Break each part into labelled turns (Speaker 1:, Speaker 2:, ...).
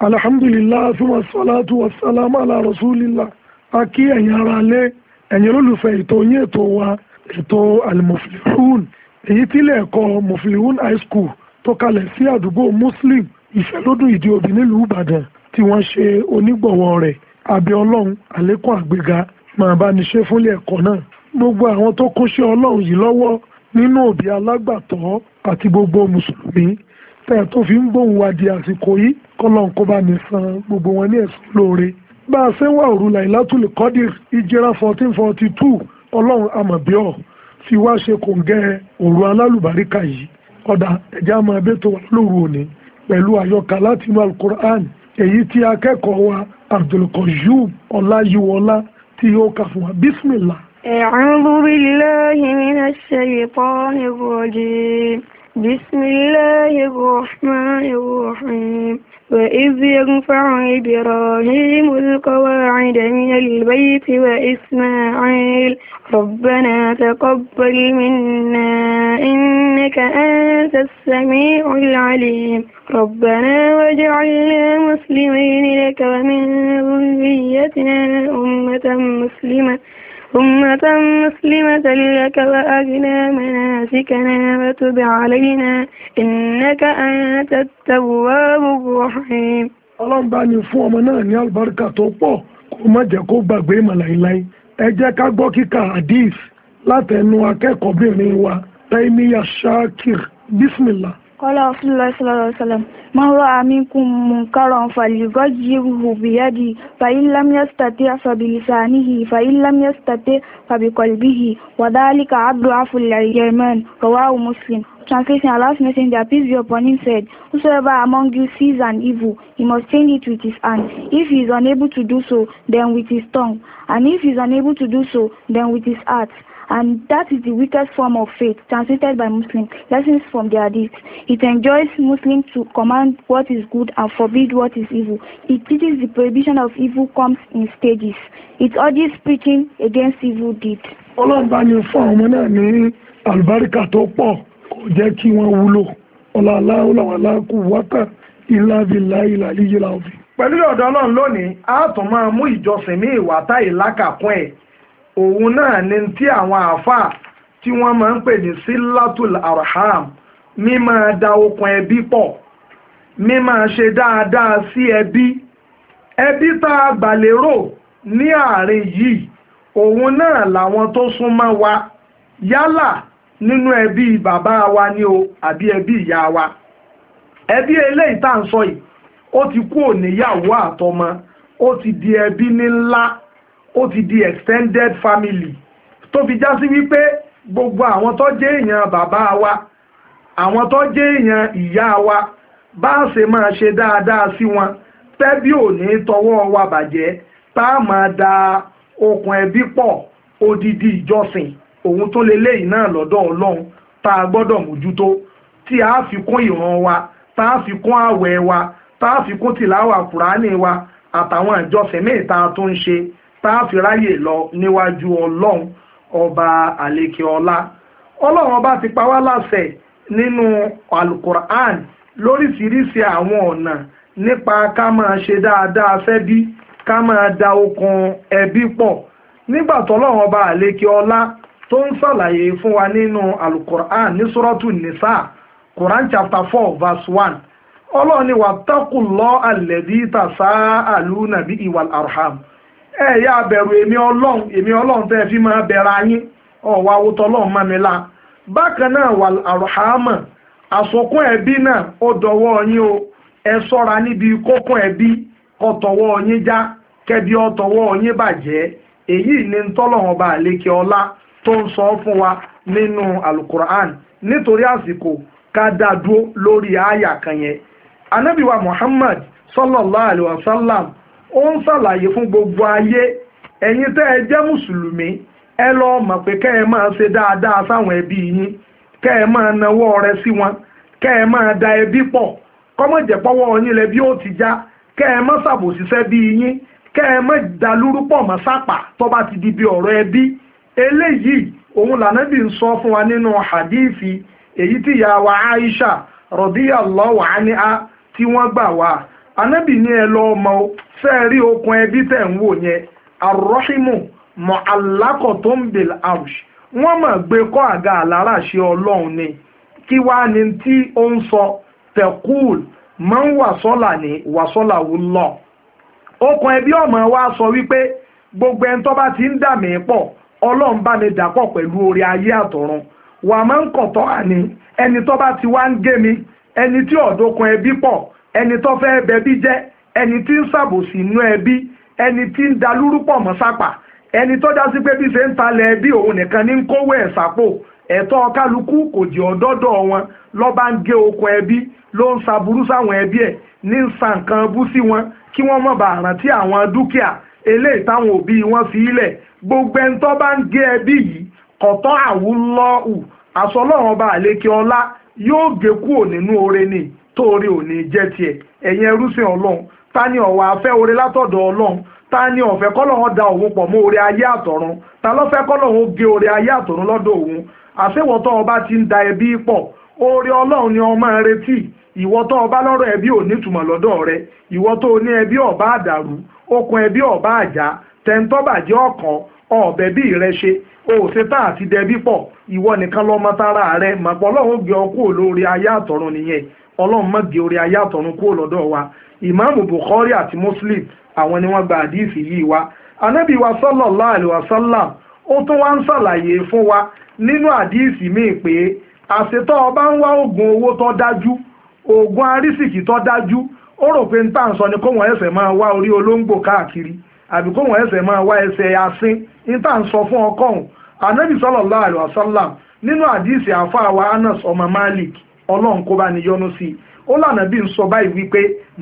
Speaker 1: alhamdulillah asuma salatu wasalam ala rasulillah a kí ẹ̀yin ara lé ẹ̀yin olólùfẹ́ ètò yín ètò wa ètò almuflihun èyí tílẹ̀ ẹ̀kọ́ muflihun high school tó kalẹ̀ sí àdúgbò muslim ìfẹ́lódún ìdí òbí nílùú ìbàdàn tí wọ́n ṣe onígbọ̀wọ́ rẹ̀ abẹ́ ọlọ́run àlékún àgbéga máa bá ní ṣe fúnlé ẹ̀kọ́ náà gbogbo àwọn tó kúnṣẹ́ ọlọ́run yìí lọ́wọ́ nínú òbí alágbàtọ́ àti gbogbo mùsùlùmí tẹ́ tó fi ń bóun wá di àsìkò yìí kọ́lọ́n kó bá ní san gbogbo wọn ní ẹ̀sùn lóore bá a ṣe ń wá òru Lailatul Qadir ìjẹra fourteen forty two ọlọ́run amọ̀bíọ́ fi wá ṣe kòǹgẹ́ òru alálùbáríkà yìí ọ̀dà ẹ̀jẹ̀ àmọ́ ẹbí tó wà lóru òní pẹ̀lú àyọkà láti inú alukur'an èyí tí akẹ́kọ̀ọ́ wa abdulkoyum ọláyíwọlá tí yóò kà fún wa bísmìlá. أعوذ بالله من الشيطان الرجيم بسم الله الرحمن الرحيم وإذ يرفع إبراهيم القواعد من البيت وإسماعيل ربنا تقبل منا إنك أنت السميع العليم ربنا واجعلنا مسلمين لك ومن ذريتنا أمة مسلمة أمة مسلمة لك وأجنا مناسكنا وتب علينا إنك أنت التواب الرحيم ọlọ́run bá ní fún ọmọ náà ní àlùbáríkà tó pọ̀ kó má jẹ́ kó gbàgbé ìmọ̀ láíláí ẹ jẹ́ ká gbọ́ kíkà hadith látẹnu akẹ́kọ̀ọ́bìnrin wa taimiya shakir bismillah Kọ́lá Rasulullah sallallahu alaihi wasallam, man ra'a minkum munkaran falyughayyirhu biyadihi, fa in lam
Speaker 2: yastati' fa bilisanihi, fa in lam yastati' fa biqalbihi, wa dhalika ad'aful iman, Muslim. Translation Allah's Messenger, peace be upon him, said, Whosoever
Speaker 1: among you sees an evil, he must change it with his hand. If he is unable to do so, then with his tongue, and if he is unable to do so, then with his heart and that is the weakest form of faith transmitted by Muslims. Lessons from the Hadith. It enjoins Muslims to command what is good and forbid what is evil. It teaches the prohibition of evil comes in stages. It urges preaching against evil deeds. Ọlọ́run bá fún àwọn ọmọ náà ní àlùbáríkà tó pọ̀ kò jẹ́ kí wọ́n wúlò. Ọlọ́lá ọlọ́wàlá kù wákà ilá bìlá òfin. Pẹ̀lú ọ̀dọ́ Ọlọ́run lónìí, a tún máa mú
Speaker 2: ìjọsìn ní ìwà táyì lákàkún ẹ̀ òun náà ni tí àwọn àáfàá tí wọ́n máa ń pè ní silatul arham mímọ́ da okùn ẹbí pọ̀ mímọ́ ṣe dáadáa sí ẹbí ẹbí tá a gbàlérò ní àárín yìí òun náà làwọn tó súnmọ́ wa yálà nínú ẹbí bàbá wa ni o àbí ẹbí ìyá wa ẹbí eléyìí tá à ń sọ yìí ó ti kú òníyàwó àtọmọ ó ti di ẹbí ní ńlá ó ti di extended family tó fi já sí wípé gbogbo àwọn tó jẹ́ èèyàn bàbá wa àwọn tó jẹ́ èèyàn ìyá wa bá a ṣe máa ṣe dáadáa sí wọn tẹ́bí ò ní tọwọ́ wa bàjẹ́ tá a máa da okùn ẹbí pọ̀ odidi ìjọsìn òun tó leléyìí náà lọ́dọ̀ ọlọ́run tá a gbọ́dọ̀ mójútó tí a fi kún ìran wa tá a fi kún àwẹ̀ wa tá a fi kún tìláwà kùránì wa àtàwọn ìjọsìn míì tá a tún ń ṣe táàfìráyè lọ níwájú ọlọ́run ọba àlekè ọlá ọlọ́run ọba ti pa wá láṣẹ nínú alukur'an lóríṣiríṣi àwọn ọ̀nà nípa ká máa ṣe dáadáa ká máa da okùn ẹbí pọ̀ nígbà ọba àlekè ọlá tó ń ṣàlàyé fún wa nínú ní sọ́rọ́tù chapter four verse one ọlọ́run ni wàtákùlọ́ àlẹ́bí tàṣà arham. e yá bẹ̀rù èmi ọlọ́run èmi ọlọ́run fẹ́ fi máa bẹ̀rẹ̀ ayín ọ̀wá awútọ́ ọlọ́run mọ́ mi la bákan náà wà àrùhámà ẹbí náà ó dọwọ́ o ẹ sọ́ra níbi kókún ẹbí kọtọ̀wọ́ yín já kẹbi bàjẹ́ ni tọ́lọ́run ọba àlékè ọlá fún wa nínú alukur'an nítorí àsìkò ká lórí àyà kan yẹn Muhammad sallallahu alayhi wa sallam ó ń ṣàlàyé fún gbogbo ayé ẹ̀yin tẹ́ ẹ jẹ́ mùsùlùmí ẹ lọ mọ̀ pé kẹ́ ẹ máa ṣe dáadáa sáwọn ẹbí yín kẹ́ ẹ máa nawọ́ rẹ sí wọn kẹ́ ẹ máa da ẹbí pọ̀ kọ́mọ̀jẹ̀ pọ́wọ́ yín lẹ bí ó ti já kẹ́ ẹ má ṣàbòsíṣẹ́ bí yín kẹ́ ẹ má dalúrú pọ̀ mọ́ sápà tó bá ti di bí ọ̀rọ̀ ẹbí eléyìí òun lànàbì ń sọ fún wa nínú hadithi èyí tí ìyá wa Aisha radiyallahu anha tí wọ́n gbà wá anábì ní ẹ lọ ọmọ o fẹ́ rí okùn ẹbí tẹ̀ ń wò yẹn arọ́hìmù mọ̀ alákọ̀ tó ń bèèrè àrùsì wọ́n mọ̀ gbé kọ́ àga àlárà ṣe ọlọ́run ni kí wá ni tí ó ń sọ tẹ̀kúùl máa ń wàsọ́là ní wàsọ́là wù lọ. okùn ẹbí ọmọ wa sọ wípé gbogbo ẹni tó bá ti ń dà mí pọ̀ ọlọ́run bá mi dàpọ̀ pẹ̀lú orí ayé àtọ̀run wà máa ń kọ̀tọ́ àní ẹni tó bá ti wá ń gé mi ẹni tí ọ̀dọ́kun ẹbí pọ̀ ẹni tó fẹ́ bẹbí jẹ́ ẹni tí ń ṣàbòsí inú ẹbí ẹni tí ń dalúrú pọ̀ mọ́ sápà ẹni tó já sí pé bí ṣe ń talẹ̀ ẹbí òun nìkan ní kówó ẹ̀ sápò ẹ̀tọ́ kálukú kò jẹ́ ọ̀dọ́dọ̀ wọn ló bá ń gé oko ẹbí ló ń ṣaburú sáwọn ẹbí ẹ̀ ní sa nǹkan bú sí wọn kí wọ́n má bàa rántí àwọn dúkìá eléyìí táwọn òbí wọn fi ilẹ̀ gbogbo ẹni tó bá ń gé ẹbí yìí kọ̀tọ́ àwùlọ́ọ̀ù àsọlọ́run ọba àlékè ọlá yóò gé kúrò nínú oore ni tóore ò ní jẹ́ tiẹ̀ ẹ̀yin ẹrúsìn ọlọ́run ta ni ọ̀wà afẹ́ oore látọ̀dọ̀ ọlọ́run ta ni ọ̀fẹ́ kọ́lọ́run da òun pọ̀ mọ́ oore ayé àtọ̀run ta lọ́fẹ́ kọ́lọ́run gé oore ayé àtọ̀run lọ́dọ̀ òun àṣewọ̀tọ́ ọba ti ń da ẹbí pọ̀ oore ọlọ́run ni ọmọ retí ìwọ tó ọba lọ́rọ̀ ẹbí ò nítumọ̀ lọ́dọ̀ rẹ ìwọ tó ní ẹbí ọba àdàrú okùn ẹbí ọba àjà tẹ̀ńtọ́bàjẹ́ ọ̀kan ọ̀bẹ bí rẹ ṣe òṣètà àti dẹbí pọ̀ ìwọ nìkan lọ́mọ tara rẹ màpọ̀ ọlọ́run gbé ọkú olóore ayé àtọ̀run nìyẹn ọlọ́run má gé orí ayé àtọ̀run kúrò lọ́dọ̀ wa ìmáàmù Bukhari àti Muslim àwọn ni wọ́n gba àdíìsì yìí wa anábì wa sallallahu alaihi wasallam ó tún wá ń ṣàlàyé fún wa nínú àdíìsì míì pé àṣetọ́ ọba ń wá oògùn owó tó dájú oògùn arísìkì tó dájú ó rò pé ń tà ń sọ ni kóhun ẹsẹ̀ máa wá orí olóńgbò káàkiri àbí kóhun ẹsẹ̀ máa wá ẹsẹ̀ asín ń tà ń sọ fún ọkọ̀hún anábì sallallahu alaihi wasallam nínú àdíìsì àfáà wa Anas ọmọ Malik ọlọ́run kó bá ní yọ́nú sí i ó lànà bí n sọ báyìí wípé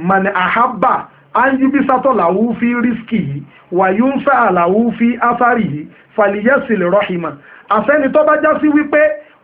Speaker 2: mani ahaba anyibisatọ làwù fi rísíkì yìí wàyúnfà làwù fi afárì yìí fàlìyẹsìlì rọhìmà àfẹni tó bá já sí wípé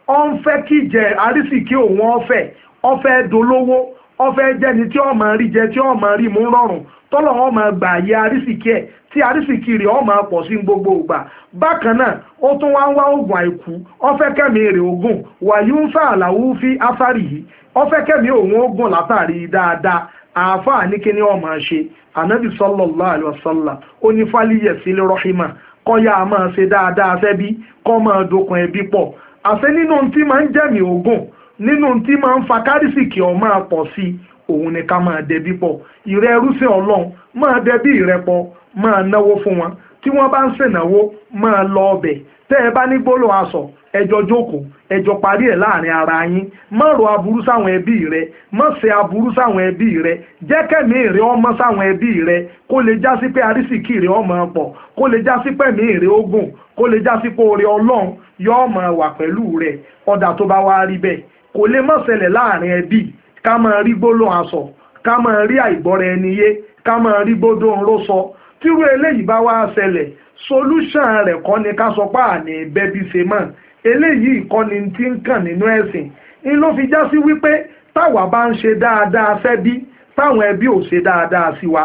Speaker 2: ó ń fẹ́ kíjẹ àrísìkí òun ọ̀fẹ́ ọ̀fẹ́ dolówó ọfẹ́ jẹ́ni tí ọmọ rí jẹ tí ọmọ rí mú rọrùn tọ́lọ̀ wọn máa gbà yẹ arísìkí ẹ̀ tí arísìkí rẹ̀ ọmọ pọ̀ sí gbogbo ìgbà bákan náà ó tún wá ń wá oògùn àìkú ọfẹ́ kẹ́mi rẹ̀ ogun wàyí ń fà àlàwú fi afárì yìí ọfẹ́ kẹ́mi òun ogun látàrí dáadáa àáfàá ní kíní ọmọ ṣe ànábì sallallahu alaihi wasallam ó ní fálíyẹ̀ sílẹ̀ rọ́ṣímà kọ́yà máa ṣe dáadáa sẹ́bí kọ́ máa dokun ẹbí pọ̀ àṣẹ nínú ohun tí máa ń jẹ́mi ogun nínú tí máa ń fa kárìsì ọ máa pọ̀ sí òun ni ká máa dẹbí pọ̀ ìrẹ́ ẹrúsìn ọlọ́run máa dẹbí ìrẹ́pọ̀ máa náwó fún wọn tí wọ́n bá ń ṣènáwó máa lọ ọbẹ̀ tẹ́ ẹ bá ní gbólò aṣọ ẹjọ́ jókòó ẹjọ́ parí ẹ̀ láàrin ara yín má ro aburú sáwọn ẹbí rẹ má ṣe aburú sáwọn ẹbí rẹ jẹ́ kẹ́mi èrè ọmọ sáwọn ẹbí rẹ kó lè já sí pé arísìkì rẹ ọmọ pọ̀ kó lè já sí pẹ̀mí èrè ogun kó lè já sí pé oore ọlọ́run yọ ọmọ wà pẹ̀lú rẹ ọ̀dà tó bá wá rí bẹ́ẹ̀ kò lè má ṣẹlẹ̀ láàrin ẹbí ká máa rí gbólóhùn aṣọ ká máa rí àìgbọ́ra ẹni yé ká máa rí gbódó oró sọ tírú eléyìí bá wá ṣẹlẹ̀ solution rẹ̀ kọ́ ni ká sọ pé àní bẹ́bí ṣe mọ̀ eléyìí kọ́ ni ti ń kàn nínú ẹ̀sìn ń ló fi já sí wípé táwa bá ń ṣe dáadáa sẹ́bí táwọn ẹbí ò ṣe dáadáa sí wa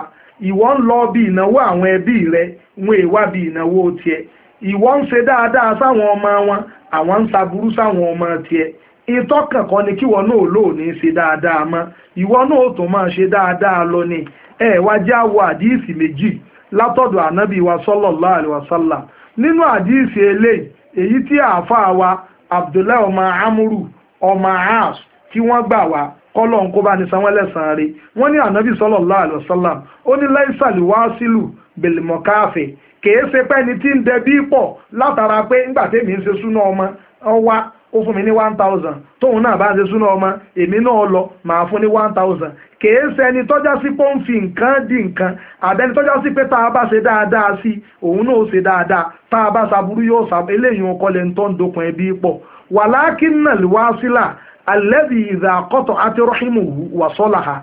Speaker 2: ìwọ ń lọ bí ìnáwó àwọn ẹbí rẹ wọn èèwà bí ìnáwó tiẹ̀ ìwọ ń ṣe dáadáa sáwọn ọmọ wọn àwọn ń ṣaburú sáwọn ọmọ tiẹ̀ ìtọ́kàn kan ni kíwọ náà lóò ní ṣe dáadáa mọ́ ìwọ náà ó tún máa ṣe dáadáa lọ ni ẹ wá àwọ àdíìsì méjì látọ̀dọ̀ ànábì wa sallallahu alaihi wasallam nínú àdíìsì eléyìí èyí tí àáfàá wa abdullahi ọmọ amuru ọmọ as tí wọ́n gbà wá kọ́lọ̀ ń kó bá ní sanwó ẹlẹ́sàn rẹ̀ wọ́n ní ànábì sallallahu alaihi wasallam ó ní láìsàlì wá sílù bèlìmọ̀káfẹ́ kèé ṣe pẹ́ni tí ń dẹbí pọ̀ látara pé ńgbà tèmi ń ṣe súná ọmọ ọwá ó fún mi ní one thousand tóun náà bá ṣe súná ọmọ èmi náà lọ màá fún ní one thousand kèé sẹni tọ́já sí pé ó ń fi nǹkan di nǹkan àbẹ́ni tọ́já sí pé tá a bá ṣe dáadáa sí òun náà ó ṣe dáadáa tá a bá ṣaburú yóò ṣàbù eléyìí ọkọ lẹ́ni tó ń dokun ẹbí pọ̀ wàlákì náà lè wá sílà alẹ́bí ìdá àkọ́tọ̀ àti rọ́ṣímù wà sọ́là ha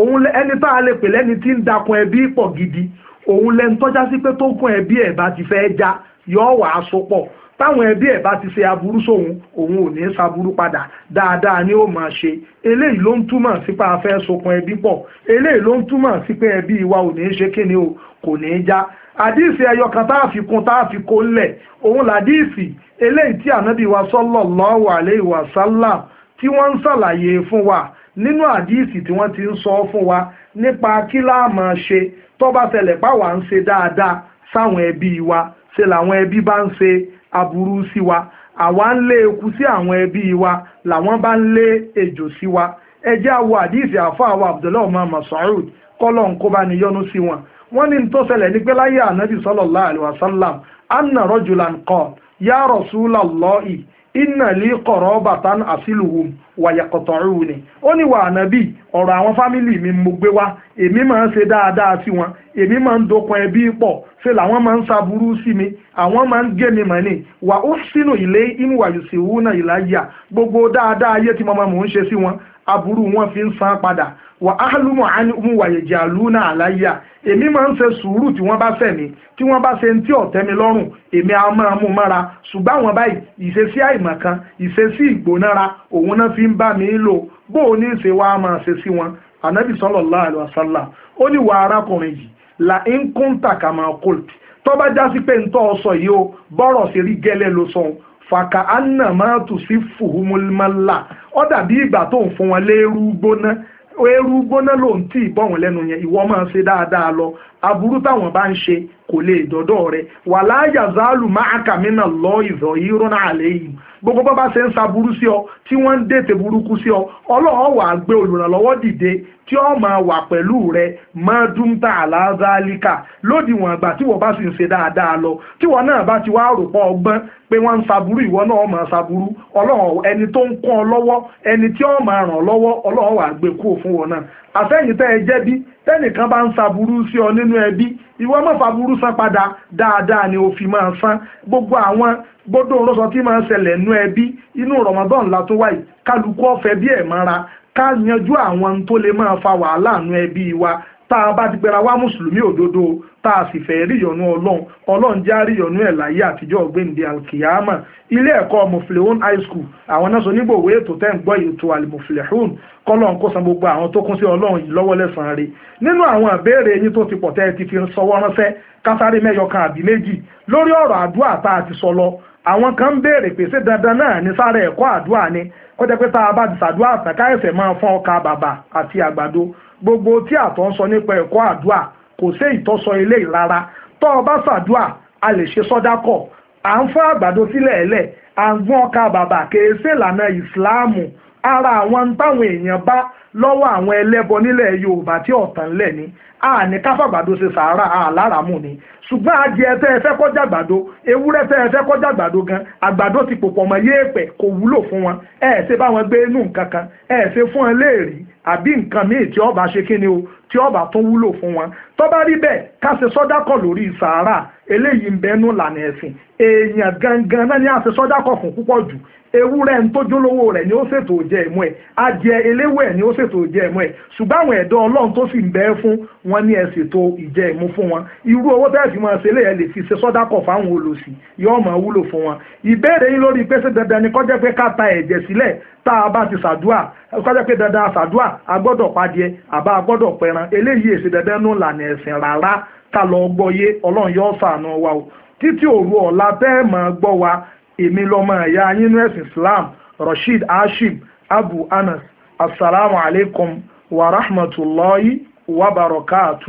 Speaker 2: òun ẹni tá a lè pè lẹ́ni tí ń dakun ẹbí pọ̀ gidi òun lẹ́ni tọ́já sí pé tó kún ẹbí ẹ̀ bá ti fẹ́ já yọ wàá sopọ̀ táwọn ẹbí ẹ̀ bá ti ṣe aburú sóhun òun ò ní ṣaburú padà dáadáa ni ó máa ṣe eléyìí ló ń túmọ̀ sí pé a fẹ́ sokun ẹbí pọ̀ eléyìí ló ń túmọ̀ sí pé ẹbí wa ò ní ṣe kíni o kò ní í já àdíìsì ẹyọ kan tá a fi kún tá a fi kó lẹ̀ òun làdíìsì eléyìí tí ànábì wa sallallahu alayhi wa sallam tí wọ́n ń ṣàlàyé fún wa nínú àdíìsì tí wọ́n ti ń sọ fún wa nípa kí la máa ṣe tó bá ṣẹlẹ̀ pá wà ń ṣe dáadáa sáwọn ẹbí wa ṣe làwọn ẹbí bá ń ṣe aburú sí wa àwa ń lé eku sí àwọn ẹbí wa làwọn bá ń lé ejò sí wa ẹ jẹ́ àwọ àdìsí àfáà wa Abdullahi ọmọ Mas'ud kọ́lọ̀ ń kó bá ní yọ́nú sí wọn wọ́n ní tó ṣẹlẹ̀ ní pé láyé ànábì sallallahu alaihi wasallam anna rajulan qala ya rasulallahi iná lè kọ̀rọ̀ bàtán àsìlùhùn wàyàkọ̀tọ̀rù ni ó ní wà ànábì ọ̀rọ̀ àwọn fámìlì mi mo gbé wá èmi máa ń ṣe dáadáa sí wọn èmi máa ń dokun ẹbí pọ̀ ṣe làwọn máa ń ṣaburú sí mi àwọn máa ń gé mi mọ̀ ní wà ó sínú ilé inú wàyùsìwú náà ìlàyà gbogbo dáadáa ayé tí mo máa mò ń ṣe sí wọn Aburu wọn fi ń san padà wà á lùmọ̀ á ní mú wàyè jẹ́ àlùnà àláyà èmi máa ń ṣe sùúrù tí wọ́n bá fẹ̀ mí tí wọ́n bá ṣe ń tí ọ̀tẹ́ mi lọ́rùn èmi á máa mú mọ́ra ṣùgbọ́n àwọn báyìí ìṣesí àìmọ̀kan ìṣesí ìgbónára òun náà fi ń bá mi lò bó o ní ṣe wá máa ṣe sí wọn ànábì sallallahu alaihi wasallam ó ní wà arákùnrin yìí là ń kúntà kàmá kóòtù tó bá já sí pé ń tọ́ ọ faka anna máa tù sí fùhùmùlmọ́là ó dàbí ìgbà tó ń fún wọn léèrú gbóná eérú gbóná ló ń tì í lẹ́nu yẹn ìwọ máa ṣe dáadáa lọ aburú táwọn bá ń ṣe kò lè dọ́dọ̀ rẹ̀ wàláyà zálù máa kàmínà lọ ìzọ̀ yìí rọ́nà gbogbo bá bá ṣe ń sa burú sí ọ tí wọ́n ń dètè burúkú sí ọ ọlọ́run wà á gbé olùrànlọ́wọ́ dìde tí ó máa wà pẹ̀lú rẹ máa dúntà àlàáfíà lódiwọ̀n àgbà tí wọ́n bá sì ń ṣe dáadáa lọ tí wọ́n náà bá ti wá rò pọ̀ ọgbọ́n pé wọ́n ń saburú ìwọ náà máa saburú ọlọ́run ẹni tó ń kọ́ ọ lọ́wọ́ ẹni tí ó máa ràn lọ́wọ́ ọlọ́run wà á gbé kúrò fún wọn náà àfẹ́yìntẹ́ ẹ jẹ́ bí tẹ́nìkan bá ń ṣàbúrú sí ọ nínú ẹbí ìwọ ma fàbúrú san padà dáadáa ni o fi máa san gbogbo àwọn gbódò rọ́sọ tí máa ń ṣẹlẹ̀ nínú ẹbí inú rọ̀mọ́dọ́n la tó wáyé kálukú ọ̀fẹ́ bí ẹ̀ mọ́ra ká yanjú àwọn tó lè máa fa wàhálà nínú ẹbí wa tá a bá ti pera wá mùsùlùmí òdodo tá a sì fẹ́ ríyọ̀nù ọlọ́run ọlọ́run já ríyọ̀nù ẹ̀ láyé àtijọ́ ọ̀gbẹ́ǹde alkiyama ilé ẹ̀kọ́ muflehun high school àwọn náà sọ nígbò wé ètò tẹ́ ń gbọ́ ètò alimuflehun kọ́lọ́n kó san gbogbo àwọn tó kún sí ọlọ́run yìí lọ́wọ́ lẹ́sàn-án rẹ̀ nínú àwọn àbẹ́ẹ̀rẹ̀ ẹ̀yin tó ti pọ̀ tẹ́ ẹ ti fi sọwọ́ ránṣẹ́ kásáré mẹ́yọ kan àbí méjì lórí ọ̀rọ̀ àdúrà tá a ti sọ lọ àwọn kan ń béèrè pé dandan náà ní sára ẹ̀kọ́ àdúrà ni kó jẹ́ pé tá a bá ti ṣàdúrà tàkà ẹ̀sẹ̀ máa fọ́n ọkà bàbà àti àgbàdo gbogbo tí àtọ́ ń sọ nípa ẹ̀kọ́ àdúà kò sí ìtọ́sọ ilé ìlara tọ́ ọ bá ṣàdúà a lè ṣe sọ́dákọ̀ à ń fọ́ àgbàdo sílẹ̀ ẹ̀lẹ̀ à ń gún ọkà bàbà kèése ìlànà ìsìláàmù ara àwọn táwọn èèyàn bá lọ́wọ́ àwọn ẹlẹ́bọ nílẹ̀ yorùbá tí ọ̀tàn lẹ̀ ni a ní káfàgbàdo ṣe sàárà a ni ṣùgbọ́n adìẹ tẹ́ ẹ fẹ́ kọjá àgbàdo ewúrẹ́ tẹ́ ẹ fẹ́ kọjá àgbàdo gan àgbàdo ti pòpọ̀ mọ́ yéèpẹ̀ kò wúlò fún wọn ẹ ẹ ṣe bá wọn gbé inú nǹkan kan ẹ ẹ ṣe fún ẹ léèrí àbí nǹkan míì tí ọba ṣe kí ni o tí ọba tún wúlò fún wọn tó rí bẹ́ẹ̀ ká ṣe sọ́dákọ̀ lórí sàárà eléyìí ń bẹnu lànà ẹ̀sìn èèyàn gangan náà ni a ṣe sọ́dákọ̀ fún púpọ̀ jù ewúrẹ́ ń tójú lówó rẹ̀ ni ó ṣètò jẹ ìmọ̀ ẹ̀ adìẹ eléwẹ̀ ni ó ṣètò jẹ ìmọ̀ ẹ̀ ṣùgbọ́n àwọn ẹ̀dọ́ ọlọ́run tó sì ń bẹ fún wọn ní ẹ ṣètò ìjẹ ìmú fún wọn irú owó tẹ́ fi máa ṣe lè lè fi ṣe sọ́dá kọ̀ fáwọn olòṣì yóò máa wúlò fún wọn ìbéèrè yín lórí pé ṣé dandan ni kọjá pé ká ta ẹ̀jẹ̀ sílẹ̀ tá a bá ti ṣàdúà kọjá pé dandan ṣàdúà a gbọ́dọ̀ padìẹ àbá a gbọ́dọ̀ pẹran eléyìí èsì dandan nù lànà ẹ̀sìn rárá ta lọ gbọ́ yé ọlọ́run yóò ṣàánú wa o títí òru ọ̀la bẹ́ẹ̀ máa gbọ́ wa èmi lọ́mọ ẹ̀yà Islam Rasheed Ashim Abu Anas assalamu alaikum wa rahmatullahi wa barakatuh